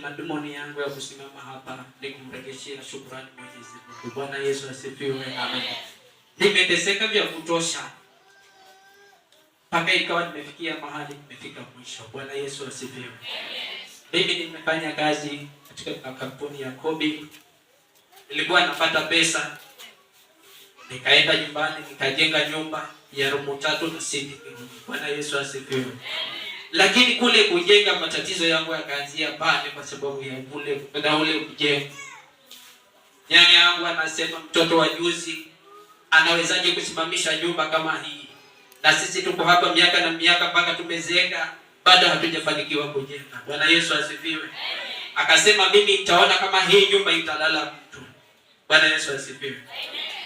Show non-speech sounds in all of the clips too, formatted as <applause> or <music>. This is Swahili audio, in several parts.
madhumuni yangu ya kusimama hapa ni kumrejeshea shukrani Mwenyezi Mungu. Bwana Yesu asifiwe, amen. Nimeteseka vya kutosha mpaka ikawa nimefikia mahali nimefika mwisho. Bwana Yesu asifiwe. Mimi nimefanya kazi katika kampuni ya Kobi, nilikuwa napata pesa, nikaenda nyumbani nikajenga nyumba ya rumu tatu na siti. Bwana Yesu asifiwe. Amen lakini kule kujenga matatizo yangu yakaanzia pale kwa sababu ya kule na ule kujenga. Nyanya yangu anasema mtoto wa juzi anawezaje kusimamisha nyumba kama hii, na sisi tuko hapa miaka na miaka mpaka tumezeka bado hatujafanikiwa kujenga. Bwana Yesu asifiwe. Akasema mimi nitaona kama hii nyumba italala mtu. Bwana Yesu asifiwe.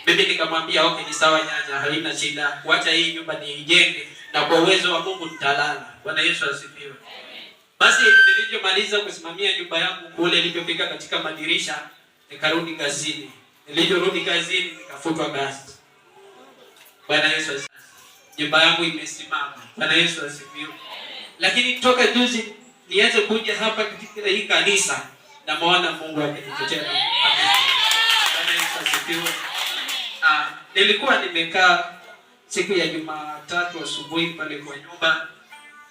Mimi nikamwambia okay, ni sawa nyanya, haina shida, wacha hii nyumba niijenge na kwa uwezo wa Mungu nitalala. Bwana Yesu asifiwe. Basi nilivyomaliza kusimamia nyumba yangu kule, nilipofika katika madirisha, nikarudi kazini. Nilivyorudi kazini, nikafutwa kazi. Bwana Yesu asifiwe. Nyumba yangu imesimama. Bwana Yesu asifiwe. Lakini toka juzi nianze kuja hapa katika hii kanisa, na maana Mungu akinitetea. Bwana Yesu asifiwe. Ah, nilikuwa nimekaa Siku ya Jumatatu asubuhi pale kwa nyumba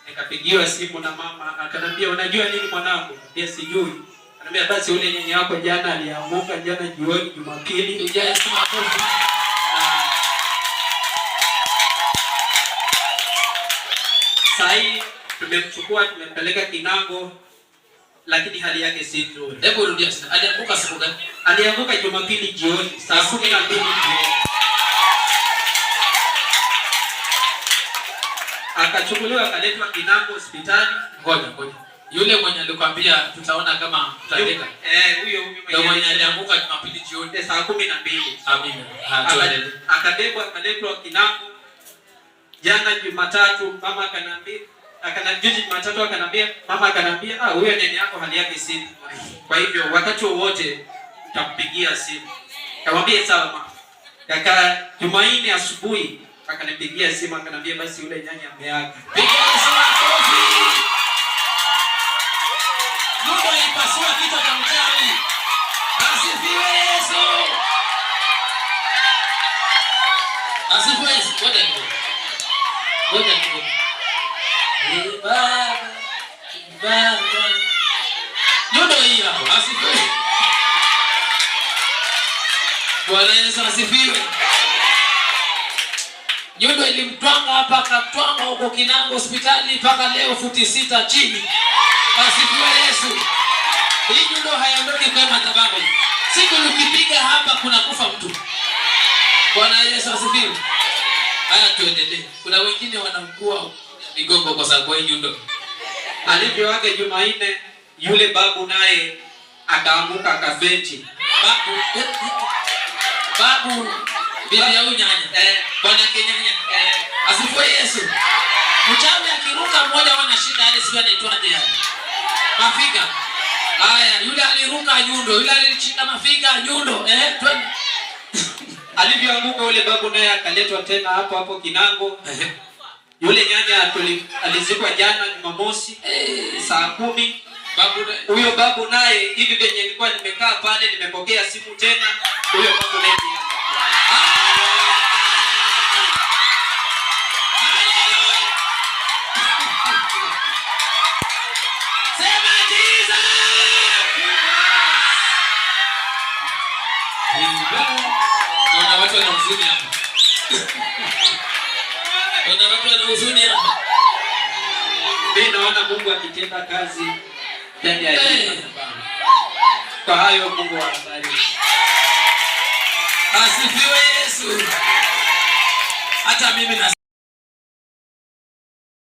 nikapigiwa simu na mama, akanambia unajua nini mwanangu? Pia sijui. Anambia basi ule nyenye wako jana alianguka jana jioni Jumapili. Jana Sai tumemchukua tumempeleka Kinango lakini hali yake si nzuri. Hebu rudia Alianguka siku gani? Alianguka Jumapili jioni saa 12 jioni. akachukuliwa akaletwa Kinango hospitali. Ngoja ngoja, yule mwenye alikwambia tutaona kama tutaleta, eh, huyo huyo mwenye alianguka Jumapili jioni eh, saa 12, amina, ah, akabebwa akaletwa Kinango jana Jumatatu. Mama akaniambia akanajuzi Jumatatu akanambia mama akanambia, ah, huyo nene yako hali yake si. Kwa hivyo wakati wote utampigia simu, kamwambie sawa. mama. Kaka Jumaine asubuhi Akanipigia simu akaniambia, basi yule nyanya ameaga. Mungu alipasua kichwa cha mchawi. Asifiwe Yesu. Asifiwe Yesu. Ngoja nikuone. Ngoja nikuone. Ee Baba, Baba. Ndio hiyo hapo. Asifiwe. Bwana Yesu asifiwe. Nyundo ilimtwanga hapa akatwanga huko Kinango hospitali mpaka leo futi sita chini. Asifiwe Yesu. Hii nyundo haiondoki kwa madhabahu. Siku ukipiga hapa kuna kufa mtu. Bwana Yesu asifiwe. Haya tuendelee. Kuna wengine wanaugua migongo kwa sababu ya nyundo. Alivyoaga Jumanne yule babu naye akaamuka akafeti. Babu eh, eh, eh, babu bibi au nyanya eh. bwana kinyanya eh. asifue Yesu. Mchawi akiruka mmoja wana shida ile sio anaitwaje hapa? Mafiga. Haya, yule aliruka nyundo, yule alishika mafiga nyundo. Eh, twende. <laughs> Alivyoanguka yule babu naye akaletwa tena hapo hapo Kinango. Yule nyanya alizikwa jana Jumamosi eh. saa kumi. Babu huyo babu naye hivi vyenye nilikuwa nimekaa pale nimepokea simu tena huyo babu naye Naona watu wana huzuni hapa. Naona watu wana huzuni hapa. Mimi naona Mungu akitenda kazi ndani ya Kwa hayo Mungu awabariki. Asifiwe Yesu. Hata mimi na